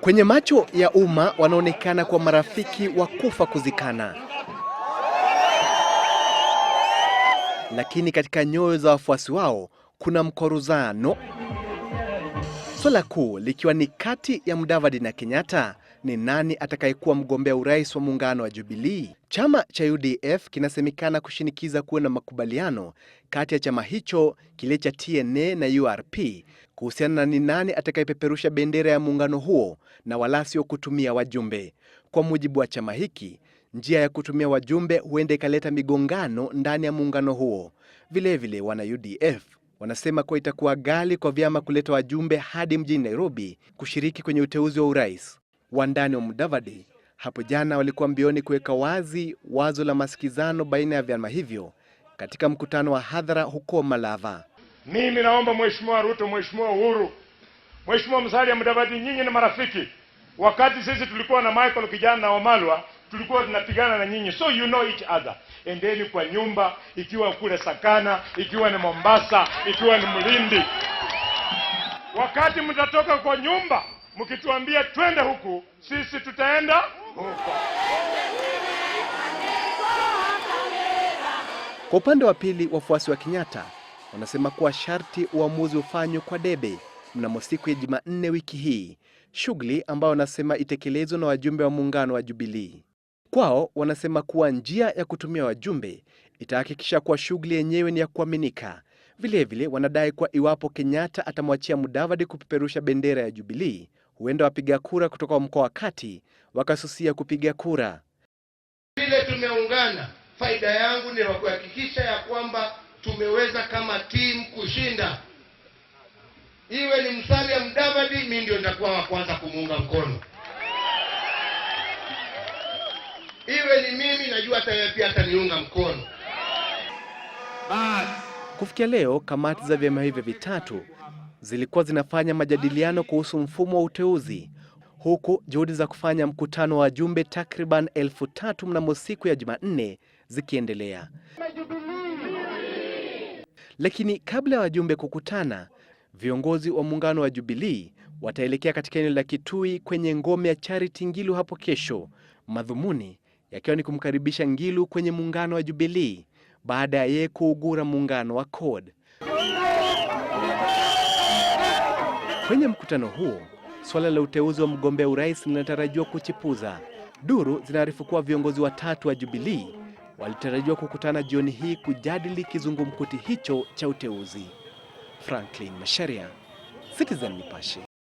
Kwenye macho ya umma wanaonekana kwa marafiki wa kufa kuzikana, lakini katika nyoyo za wafuasi wao kuna mkoruzano, swala kuu likiwa ni kati ya Mudavadi na Kenyatta ni nani atakayekuwa mgombea urais wa muungano wa Jubilii. Chama cha UDF kinasemekana kushinikiza kuwe na makubaliano kati ya chama hicho kile cha TNA na URP kuhusiana na ni nani atakayepeperusha bendera ya muungano huo na wala sio kutumia wajumbe. Kwa mujibu wa chama hiki, njia ya kutumia wajumbe huenda ikaleta migongano ndani ya muungano huo. Vilevile vile, wana UDF wanasema kuwa itakuwa ghali kwa vyama kuleta wajumbe hadi mjini Nairobi kushiriki kwenye uteuzi wa urais. Wandani wa Mudavadi hapo jana walikuwa mbioni kuweka wazi wazo la masikizano baina ya vyama hivyo katika mkutano wa hadhara huko Malava. Mimi naomba Mheshimiwa Ruto, Mheshimiwa Uhuru, Mheshimiwa Musalia Mudavadi, nyinyi ni marafiki. Wakati sisi tulikuwa na Michael kijana na Wamalwa tulikuwa tunapigana na nyinyi, so you know each other. Endeni kwa nyumba, ikiwa kule Sakana, ikiwa ni Mombasa, ikiwa ni Mlindi, wakati mtatoka kwa nyumba mkituambia twende huku, sisi tutaenda huko. Kwa upande wa pili, wafuasi wa Kenyatta wanasema kuwa sharti uamuzi ufanywe kwa debe mnamo siku ya Jumanne wiki hii, shughuli ambayo wanasema itekelezwa na wajumbe wa muungano wa jubilii Kwao wanasema kuwa njia ya kutumia wajumbe itahakikisha kuwa shughuli yenyewe ni ya kuaminika. Vilevile wanadai kuwa iwapo Kenyatta atamwachia Mudavadi kupeperusha bendera ya jubilii huenda wapiga kura kutoka mkoa wa kati wakasusia kupiga kura. Vile tumeungana, faida yangu ni kuhakikisha ya kwamba tumeweza kama timu kushinda. Iwe ni Musalia Mudavadi, mimi ndio nitakuwa wa kwanza kumuunga mkono. Iwe ni mimi, najua hata yeye pia ataniunga mkono. Kufikia leo kamati za vyama hivyo vitatu zilikuwa zinafanya majadiliano kuhusu mfumo wa uteuzi huku juhudi za kufanya mkutano wa jumbe takriban elfu tatu mnamo siku ya Jumanne zikiendelea. Lakini kabla ya wajumbe kukutana, viongozi wa muungano wa Jubilii wataelekea katika eneo la Kitui kwenye ngome ya Charity Ngilu hapo kesho, madhumuni yakiwa ni kumkaribisha Ngilu kwenye muungano wa Jubilii baada ya yeye kuugura muungano wa CORD. Kwenye mkutano huo, suala la uteuzi wa mgombea urais linatarajiwa kuchipuza. Duru zinaarifu kuwa viongozi watatu wa Jubilee walitarajiwa kukutana jioni hii kujadili kizungumkuti hicho cha uteuzi. Franklin Masharia, Citizen Nipashe.